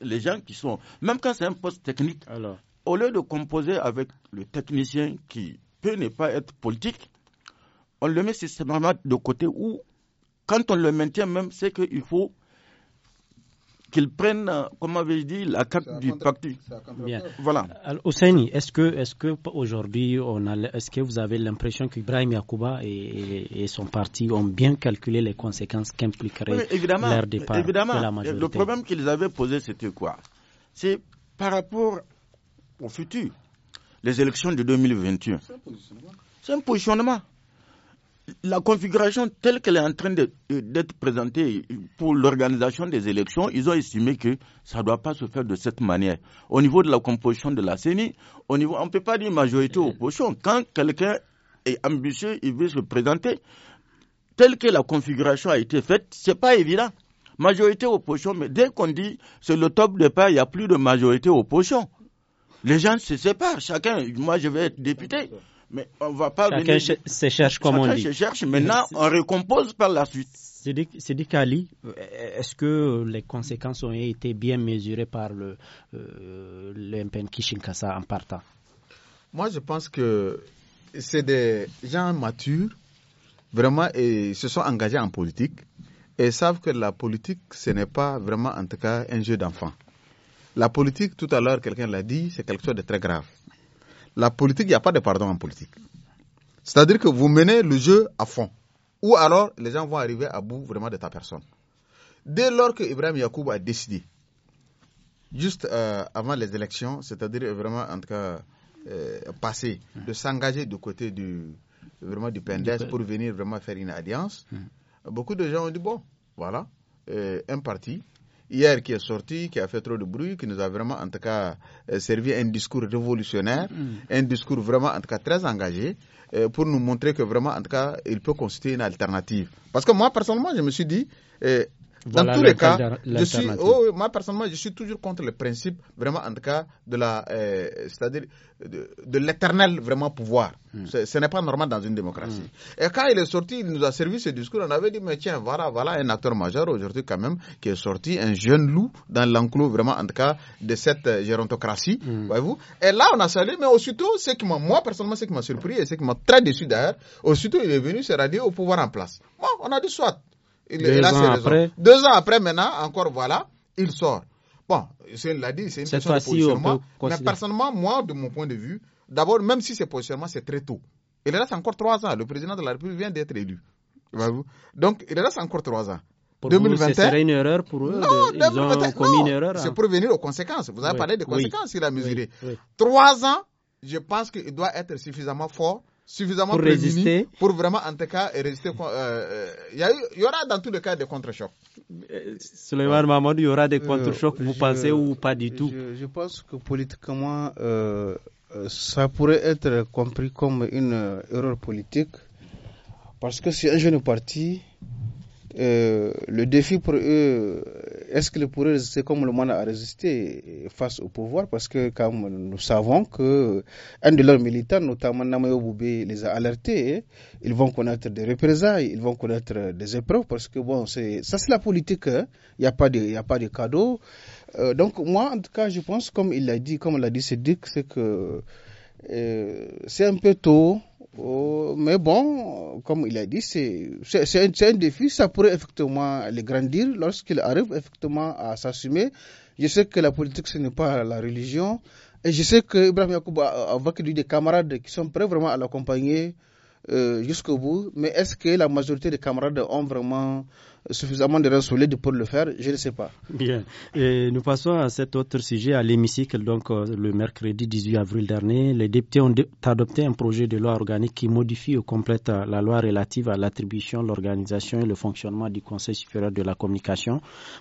C: les gens qui sont, même quand c'est un poste technique, Alors. au lieu de composer avec le technicien qui peut ne pas être politique, on le met systématiquement de côté ou quand on le maintient même, c'est qu'il faut qu'ils prennent, comme avait dit, la carte du parti.
A: Voilà. Hosseini, est-ce que, est-ce que aujourd'hui, on a, est-ce que vous avez l'impression qu'Ibrahim Yacouba et, et, son parti ont bien calculé les conséquences qu'impliquerait leur départ évidemment. de la majorité Le problème
C: qu'ils avaient posé, c'était quoi C'est par rapport au futur,
A: les élections de
C: 2021. C'est un positionnement la configuration telle qu'elle est en train d'être présentée pour l'organisation des élections, ils ont estimé que ça ne doit pas se faire de cette manière. Au niveau de la composition de la CENI, au on ne peut pas dire majorité ou opposition. Quand quelqu'un est ambitieux, il veut se présenter, telle que la configuration a été faite, ce n'est pas évident. Majorité ou opposition, mais dès qu'on dit c'est le top départ, il n'y a plus de majorité ou opposition. Les gens se séparent. Chacun, moi je vais être député, mais on va pas Chacun
A: se cherche comme on dit. se cherche. Maintenant, on recompose par la suite. C'est dit euh, est-ce que les conséquences ont été bien mesurées par le euh, Kishinkasa en partant Moi, je pense
B: que c'est des gens matures, vraiment, et se sont engagés en politique et savent que la politique, ce n'est pas vraiment, en tout cas, un jeu d'enfant. La politique, tout à l'heure, quelqu'un l'a dit, c'est quelque chose de très grave la politique, il n'y a pas de pardon en politique. C'est-à-dire que vous menez le jeu à fond. Ou alors, les gens vont arriver à bout vraiment de ta personne. Dès lors que Ibrahim Yacoub a décidé, juste euh, avant les élections, c'est-à-dire vraiment, en tout cas, euh, passé, mmh. de s'engager du côté du, vraiment du pour venir vraiment faire une alliance, mmh. beaucoup de gens ont dit, bon, voilà, euh, un parti hier qui est sorti, qui a fait trop de bruit, qui nous a vraiment, en tout cas, euh, servi un discours révolutionnaire, mm, mm. un discours vraiment, en tout cas, très engagé, euh, pour nous montrer que vraiment, en tout cas, il peut constituer une alternative. Parce que moi, personnellement, je me suis dit, euh, dans tous les cas, suis, oh, moi personnellement, je suis toujours contre le principe, vraiment en tout cas, de la, euh, c'est-à-dire de, l'éternel vraiment pouvoir. Hmm. Ce n'est pas normal dans une démocratie. Hmm. Et quand il est sorti, il nous a servi ce discours. On avait dit, mais tiens, voilà, voilà un acteur majeur aujourd'hui quand même qui est sorti, un jeune loup dans l'enclos vraiment en tout cas de cette euh, gérontocratie, hmm. voyez-vous. Et là, on a salué, mais aussitôt, ce qui moi personnellement, ce qui m'a surpris et ce qui m'a très déçu d'ailleurs, aussitôt il est venu se radier au pouvoir en place. Moi, on a dit soit deux, ans après. maintenant, encore voilà, il sort. Bon, Hussein l'a dit, c'est une question de positionnement. Mais personnellement, moi, de mon point de vue, d'abord, même si c'est positionnement, c'est très tôt. Il reste encore trois ans. Le président de la République vient d'être élu. Donc, il reste encore trois ans.
A: Pour 2021. ce serait une erreur pour eux. Non, de, C'est hein. pour
B: venir aux conséquences. Vous avez parlé des conséquences, qu'il il a mesuré. Trois ans, je pense qu'il doit être suffisamment fort suffisamment pour résister. pour vraiment, en tout cas, résister. Euh, euh, il y, aura dans tous les cas des contre-chocs. Euh,
A: Suleiman il y aura des contre-chocs, vous pensez, ou
D: pas du tout Je, pense que politiquement, ça pourrait être compris comme une erreur politique, parce que c'est un jeune parti euh, le défi pour eux, est-ce qu'ils pourraient résister comme le monde a résisté face au pouvoir Parce que comme nous savons que un de leurs militants, notamment Namayo Boubé, les a alertés. Hein. Ils vont connaître des représailles, ils vont connaître des épreuves parce que bon, c'est ça c'est la politique. Hein. Il n'y a pas de, a pas de cadeau. Euh, donc moi, en tout cas, je pense, comme il l'a dit, comme l'a dit Cédric, c'est que euh, c'est un peu tôt Oh, mais bon, comme il a dit, c'est un, un, défi. Ça pourrait effectivement le grandir lorsqu'il arrive effectivement à s'assumer. Je sais que la politique, ce n'est pas la religion. Et je sais que Ibrahim Yacoub a avec des camarades qui sont prêts vraiment à l'accompagner euh, jusqu'au bout. Mais est-ce que la majorité des camarades ont vraiment suffisamment de solides pour le faire, je ne sais pas.
A: Bien. nous passons à cet autre sujet, à l'hémicycle. Donc, euh, le mercredi 18 avril dernier, les députés ont adopté un projet de loi organique qui modifie ou complète euh, la loi relative à l'attribution, l'organisation et le fonctionnement du Conseil supérieur de la communication.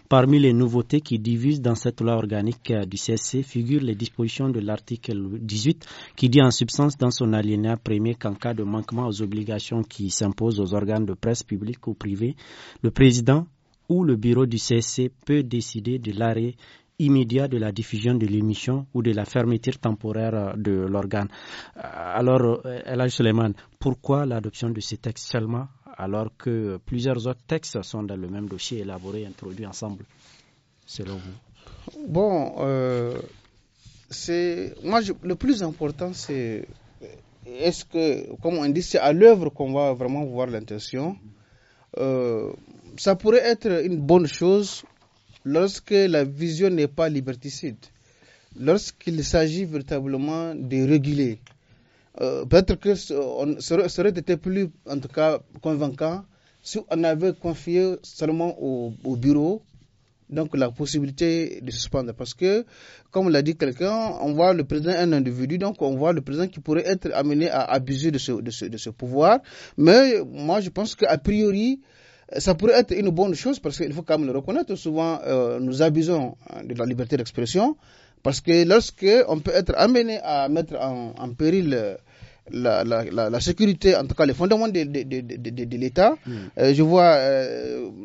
A: Parmi les nouveautés qui divisent dans cette loi organique euh, du CSC figurent les dispositions de l'article 18 qui dit en substance dans son alinéa premier qu'en cas de manquement aux obligations qui s'imposent aux organes de presse publique ou privée, le président président ou le bureau du CSC peut décider de l'arrêt immédiat de la diffusion de l'émission ou de la fermeture temporaire de l'organe. Euh, alors, euh, Elaj Suleiman, pourquoi l'adoption de ces textes seulement alors que plusieurs autres textes sont dans le même dossier élaboré et introduit ensemble, selon vous Bon,
D: euh, moi le plus important, c'est est-ce que, comme on dit, c'est à l'œuvre qu'on va vraiment voir l'intention ça pourrait être une bonne chose lorsque la vision n'est pas liberticide, lorsqu'il s'agit véritablement de réguler. Euh, peut-être que ça serait, été plus, en tout cas, convaincant si on avait confié seulement au, bureau donc la possibilité de suspendre. Parce que, comme l'a dit quelqu'un, on voit le président un individu, donc on voit le président qui pourrait être amené à abuser de ce, de ce pouvoir. Mais moi, je pense qu'a priori, ça pourrait être une bonne chose parce qu'il faut quand même le reconnaître. Souvent, euh, nous abusons hein, de la liberté d'expression parce que lorsque on peut être amené à mettre en, péril euh, la, sécurité, en tout cas les fondements de, l'État, hmm. euh, je vois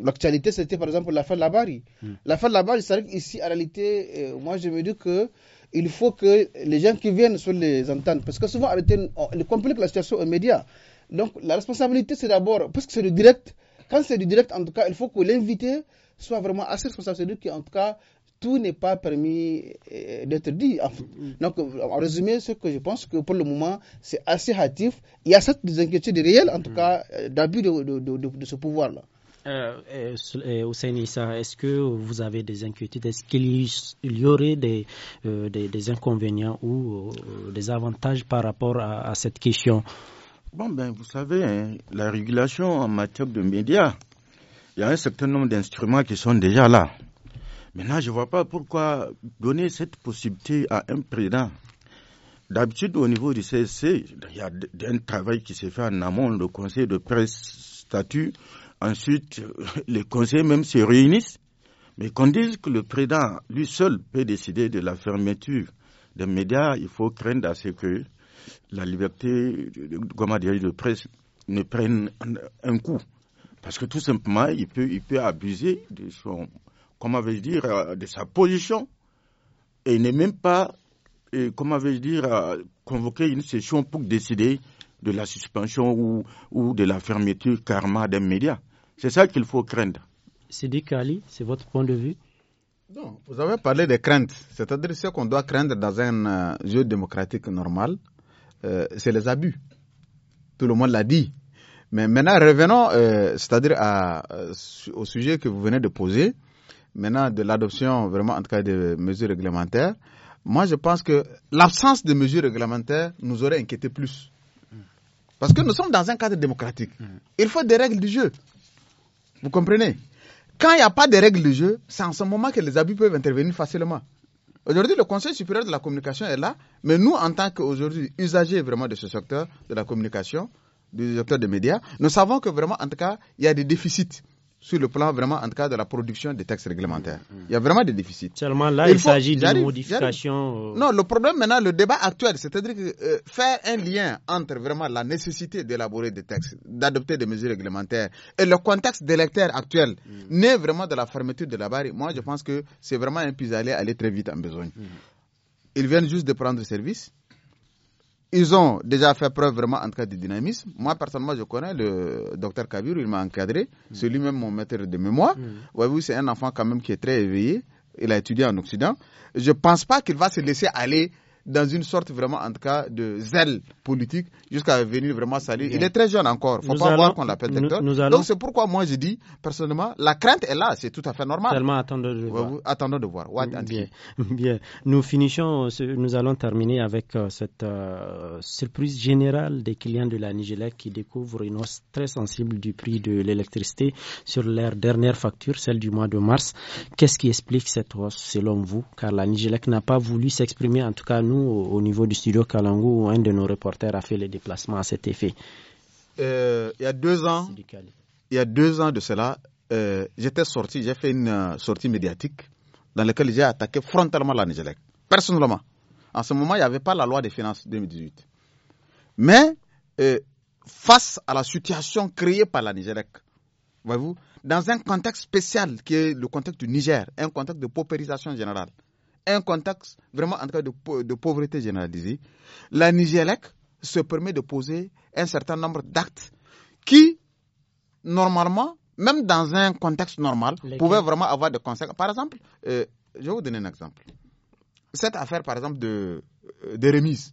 D: l'actualité, c'était par exemple l'affaire Labari. Mm. L'affaire Labari, c'est vrai qu'ici, en réalité, moi je me dis que il faut que les gens qui viennent sur les entendre parce que souvent, on, complique la situation aux médias. Donc la responsabilité, c'est d'abord, parce que c'est le direct, quand c'est du direct, en tout cas, il faut que l'invité soit vraiment assez responsable. C'est-à-dire qu'en tout cas, tout n'est pas permis euh, d'être dit. Mm. Donc, euh, en résumé, ce que je pense que pour le moment, c'est assez hâtif. Il y a cette inquiétude réelle, en tout mm. cas, euh, d'abus de, ce pouvoir-là.
A: Euh, Issa, est-ce que vous avez des inquiétudes Est-ce qu'il y aurait des, inconvénients ou des avantages par rapport à cette question Bon, ben, vous savez, hein,
C: la régulation en matière de médias, il y a un certain nombre d'instruments qui sont déjà là. Mais là, je ne vois pas pourquoi donner cette possibilité à un président. D'habitude, au niveau du CSC, il y a un travail qui se fait en amont, le conseil de presse statut. Ensuite, les conseils même se réunissent. Mais qu'on dise que le président, lui seul, peut décider de la fermeture des médias, il faut craindre à ce que la liberté de, de presse ne prenne un coup. Parce que tout simplement, il peut, il peut abuser de son, comment je dire, euh, de sa position et n'est même pas, euh, comment vais-je dire, euh, convoquer une session pour décider de la suspension ou, ou de la fermeture karma d'un média. C'est ça qu'il
A: faut craindre. dit, Kali, c'est votre point de vue
C: non, vous avez parlé des craintes,
B: c'est-à-dire ce qu'on doit craindre dans un jeu démocratique normal, euh, c'est les abus. Tout le monde l'a dit. Mais maintenant, revenons, euh, c'est-à-dire euh, au sujet que vous venez de poser, maintenant de l'adoption vraiment en tout cas de mesures réglementaires. Moi, je pense que l'absence de mesures réglementaires nous aurait inquiété plus. Parce que nous sommes dans un cadre démocratique. Mm. Il faut des règles du jeu. Vous comprenez Quand il n'y a pas de règles du jeu, c'est en ce moment que les abus peuvent intervenir facilement. Aujourd'hui, le Conseil supérieur de la communication est là, mais nous, en tant qu'aujourd'hui usagers vraiment de ce secteur de la communication, du secteur des médias, nous savons que vraiment, en tout cas, il y a des déficits sur le plan vraiment, en tout cas, de la production des textes réglementaires. Mm, mm. Il y a vraiment des déficits. Seulement là, il, s'agit d'une modification. Euh, non, le problème maintenant, le débat actuel, c'est-à-dire euh, faire un lien entre vraiment la nécessité d'élaborer des textes, d'adopter des mesures réglementaires et le contexte délecteur actuel, mm. n'est né vraiment de la fermeture de la barre, moi je pense que c'est vraiment un pis-aller aller très vite en besoin. Ils viennent juste de prendre service ils ont déjà fait preuve vraiment en cas de dynamisme. Moi, personnellement, je connais le docteur Kabir, il m'a encadré. Mm. C'est lui-même mon maître de mémoire. Oui, mm. voyez c'est un enfant quand même qui est très éveillé. Il a étudié en Occident. Je ne pense pas qu'il va se laisser aller dans une sorte vraiment, en tout cas, de zèle politique jusqu'à venir vraiment saluer Il est très jeune encore. Faut pas voir qu'on l'appelle Donc c'est pourquoi moi je dis, personnellement, la crainte est là. C'est tout à fait normal. attendons de voir. attendons de voir. bien.
A: bien. Nous finissons, nous allons terminer avec euh, cette euh, surprise générale des clients de la Nigélec qui découvrent une hausse très sensible du prix de l'électricité sur leur dernière facture, celle du mois de mars. Qu'est-ce qui explique cette hausse selon vous Car la Nigélec n'a pas voulu s'exprimer, en tout cas nous au niveau du studio Kalangou, un de nos reporters a fait le déplacement à cet effet.
B: Euh, il y a deux ans, il y a deux ans de cela, euh, j'étais sorti, j'ai fait une euh, sortie médiatique dans laquelle j'ai attaqué frontalement la Nigelec, personnellement. En ce moment, il n'y avait pas la loi des finances 2018. Mais face à la situation créée par la Nigelec, voyez-vous, dans un contexte spécial qui est le contexte du Niger, un contexte de paupérisation générale, un contexte vraiment en cas de, pauvreté généralisée, la Nigélec se permet de poser un certain nombre d'actes qui, normalement, même dans un contexte normal, pouvaient vraiment avoir des conséquences. Par exemple, euh, je vais vous donner un exemple. Cette affaire, par exemple, de, euh, de remise.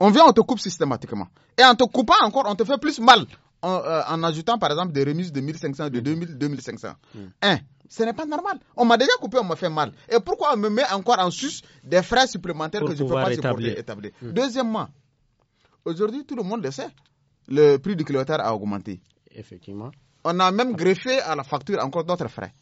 B: On vient, on te coupe systématiquement. Et en te coupant encore, on te fait plus mal euh, en, ajoutant par exemple des remises de 1500, de 2000, 2500. 1 ce n'est pas normal. On m'a déjà coupé, on m'a fait mal. Et pourquoi on me met encore en sus des frais supplémentaires que je ne peux pas établir. supporter établir. Mm. Deuxièmement, aujourd'hui tout le monde le sait, le prix du kilowattheure a augmenté. Effectivement. On a même greffé à la facture encore d'autres frais.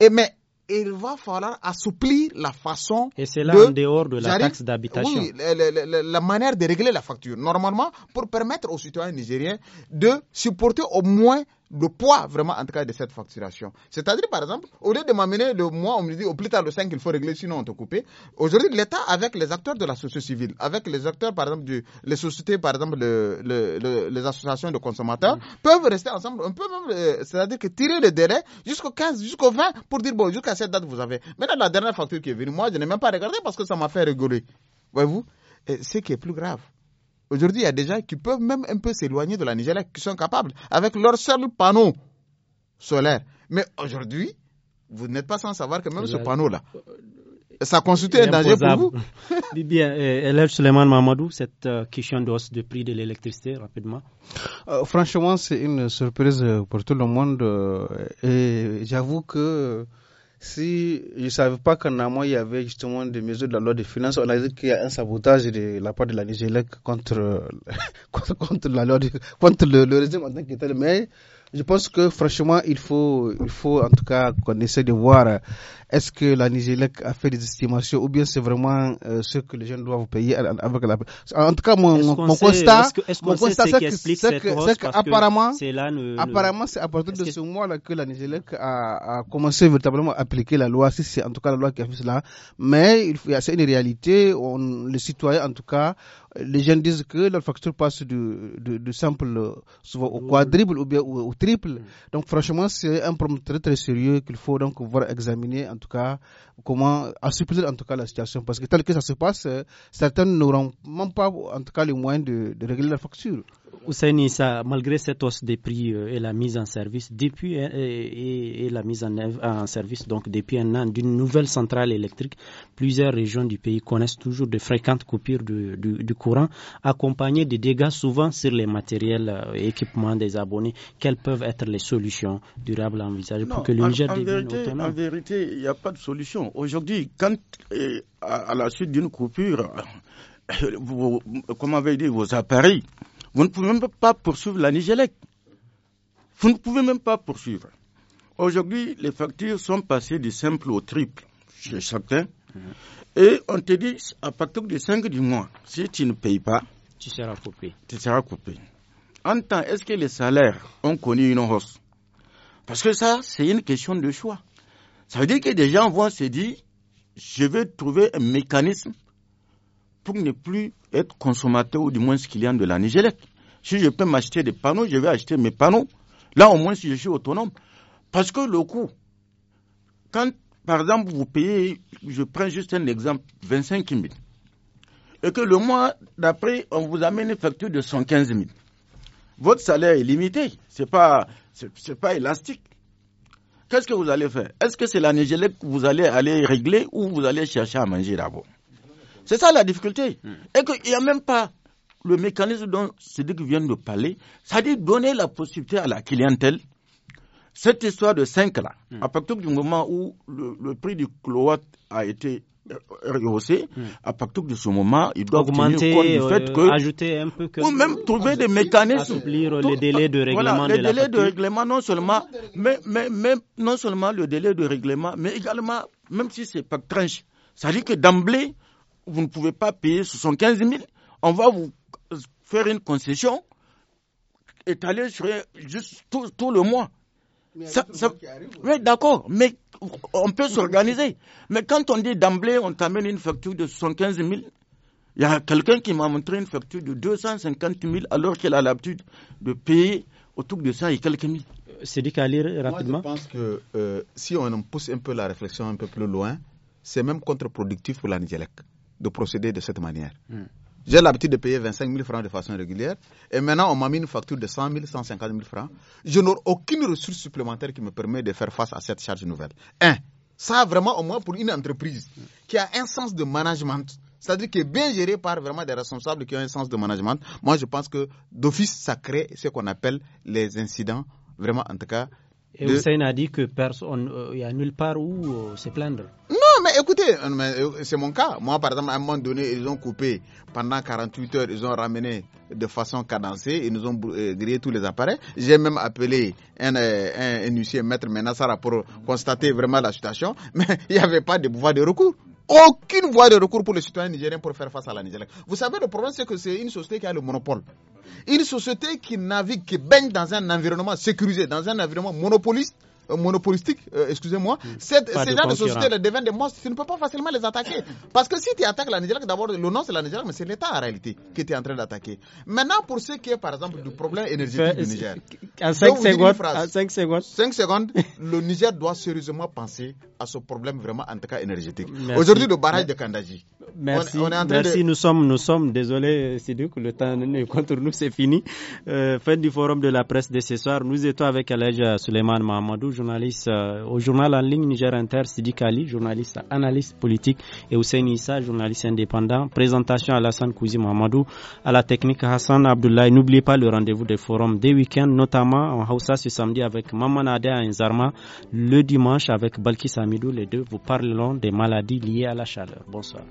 B: Et mais il va falloir assouplir la façon. Et c'est là de, en dehors de la taxe d'habitation. la, manière de régler la facture. Normalement, pour permettre aux citoyens nigériens de supporter au moins le poids vraiment en tout cas de cette facturation. C'est-à-dire par exemple, au lieu de m'amener le mois, on me dit au plus tard le 5 il faut régler sinon on te coupe. Aujourd'hui l'État avec les acteurs de la société civile, avec les acteurs par exemple du, les sociétés par exemple les associations de consommateurs peuvent rester ensemble, on peut même euh, c'est-à-dire que tirer le délai jusqu'au 15, jusqu'au 20 pour dire bon jusqu'à cette date vous avez. Maintenant la dernière facture qui est venue, moi je n'ai même pas regardé parce que ça m'a fait rigoler. Voyez-vous, Ce qui est plus grave. Aujourd'hui, il y a des gens qui peuvent même un peu s'éloigner de la Nigeria, qui sont capables, avec leur seul panneau solaire. Mais aujourd'hui, vous n'êtes pas sans savoir que même ce panneau-là,
A: euh, ça constitue un danger pour vous. Bien, euh, élève Suleiman Mamadou, cette euh, question d'os de prix de l'électricité, rapidement.
D: franchement, c'est une surprise pour tout le monde. Et j'avoue que si je ne savais pas qu'en amont, il y avait justement des mesures de la loi de finances, on a dit qu'il y a un sabotage de la part de la Nigélec contre, la loi contre le, régime en tant que tel. Mais je pense que franchement, il faut, il faut en tout cas qu'on essaie de voir est-ce que la Nigélec a fait des estimations ou bien c'est vraiment euh, ce que les jeunes doivent payer En tout cas, mon, mon, constat, c'est qu'apparemment, c'est à partir de -ce, mois-là que la Nigélec a, a, commencé véritablement à appliquer la loi, si c'est en tout cas la loi qui a fait cela. Mais c'est une réalité, on, les citoyens en tout cas, les jeunes disent que leur facture passe du, simple souvent au quadruple ou bien au, triple. Mm. Donc franchement, c'est un problème très très sérieux qu'il faut donc voir examiner en tout cas, comment assouplir en tout cas la situation. Parce que tel que ça se passe, euh, certains n'auront même pas en tout cas les moyens de,
A: régler la facture. Ousseini, ça, malgré cette hausse des prix euh, et la mise en service depuis euh, et, la mise en, service donc depuis un an d'une nouvelle centrale électrique, plusieurs régions du pays connaissent toujours de fréquentes coupures du, courant, accompagnées de dégâts souvent sur les matériels et équipements des abonnés. Quelles peuvent être les solutions durables envisagées envisager pour que le Niger devienne autonome En
C: vérité, il a pas de solution. Aujourd'hui, quand euh, à la suite d'une coupure, euh, vous, comment avez dit, vos appareils, vous ne pouvez même pas poursuivre la Nigelec. Vous ne pouvez même pas poursuivre. Aujourd'hui, les factures sont passées du simple au triple chez chacun. Mmh. Et on te dit, à partir de 5 du mois, si tu ne payes pas, tu seras coupé. Tu seras coupé. En temps, est-ce que les salaires ont connu une hausse Parce que ça, c'est une question de choix. Ça veut dire que des gens vont se dire, je vais trouver un mécanisme pour ne plus être consommateur ou du moins ce a de la Nigélec. Si je peux m'acheter des panneaux, je vais acheter mes panneaux. Là, au moins, si je suis autonome. Parce que le coût, quand, par exemple, vous payez, je prends juste un exemple, 25 000, et que le mois d'après, on vous amène une facture de 115 000, votre salaire est limité, ce n'est pas, c'est pas élastique qu'est-ce que vous allez faire Est-ce que c'est la Nigélec que vous allez aller régler ou vous allez chercher à manger d'abord C'est ça la difficulté. Mm. Et qu'il n'y a même pas le mécanisme dont Cédric vient de parler, c'est-à-dire donner la possibilité à la clientèle. Cette histoire de 5 là, mm. à partir du moment où le, prix du cloate a été rehausser. Hmm. À partir de ce moment, il doit augmenter, fait euh, que, ajouter un peu ou même trouver des mécanismes, les ah, délais de règlement, voilà, les délais de règlement non seulement, mais, mais, non seulement le délai de règlement, mais également, même si c'est pas tranche, ça dit que d'emblée, vous ne pouvez pas payer 75 000, on va vous euh, faire une concession étalée sur juste tout, tout le mois oui, d'accord, mais on peut s'organiser. Mais quand on dit d'emblée, on t'amène une facture de 115 000, il y a quelqu'un qui m'a montré une facture de 250 000 alors qu'il a l'habitude de payer autour de ça et quelques mille. C'est dit qu'à lire
B: rapidement. je pense que euh, si on pousse un peu la réflexion un peu plus loin, c'est même contre-productif pour la de procéder de cette manière. Hmm. J'ai l'habitude de payer 25 000 francs de façon régulière. Et maintenant, on m'a mis une facture de 100 000, 150 000 francs. Je n'aurai aucune ressource supplémentaire qui me permet de faire face à cette charge nouvelle. Un, ça vraiment, au moins pour une entreprise qui a un sens de management, c'est-à-dire qui est bien gérée par vraiment des responsables qui ont un sens de management, moi je pense que d'office, ça crée ce qu'on appelle les incidents, vraiment en tout cas. Et de...
A: a dit que personne, n'y euh, a nulle part où euh, se plaindre.
B: Non mais écoutez, euh, euh, c'est mon cas. Moi, par exemple, à un moment donné, ils ont coupé. Pendant 48 heures, ils ont ramené de façon cadencée. Ils nous ont euh, grillé tous les appareils. J'ai même appelé un, huissier, maître Menassara, pour constater vraiment la situation. Mais il n'y avait pas de voie de recours aucune voie de recours pour les citoyens nigériens pour faire face à la Nigeria. Vous savez, le problème, c'est que c'est une société qui a le monopole. Une société qui navigue, qui baigne dans un environnement sécurisé, dans un environnement monopoliste, euh, monopolistique, euh, excusez-moi, mm. ces gens de sociétés deviennent des monstres, tu ne peux pas facilement les attaquer. Parce que si tu attaques la Nigeria, d'abord, le nom c'est la Nigeria, mais c'est l'État en réalité que tu es en train d'attaquer. Maintenant, pour ce qui est, par exemple, du problème énergétique du Niger.
A: En 5 secondes,
B: 5 secondes. 5 secondes, le Niger doit sérieusement penser à ce problème vraiment, en tout cas, énergétique. Aujourd'hui, le barrage de Kandaji.
A: Merci, merci. Nous, sommes, nous sommes, désolés, Sidouk, le temps est contre nous, c'est fini. Euh, fin du forum de la presse de ce soir, nous étions avec Alège Suleiman Mahamadou journaliste euh, au journal en ligne Niger Inter, Sidi Kali, journaliste analyste politique, et Hussein Issa, journaliste indépendant. Présentation à Alassane Kouzi Mamadou, à la technique Hassan Abdoulaye. N'oubliez pas le rendez-vous des forums des week-ends, notamment en Hausa ce samedi avec Maman Adea Nzarma, le dimanche avec Balkis Amidou. Les deux vous parleront des maladies liées à la chaleur. Bonsoir.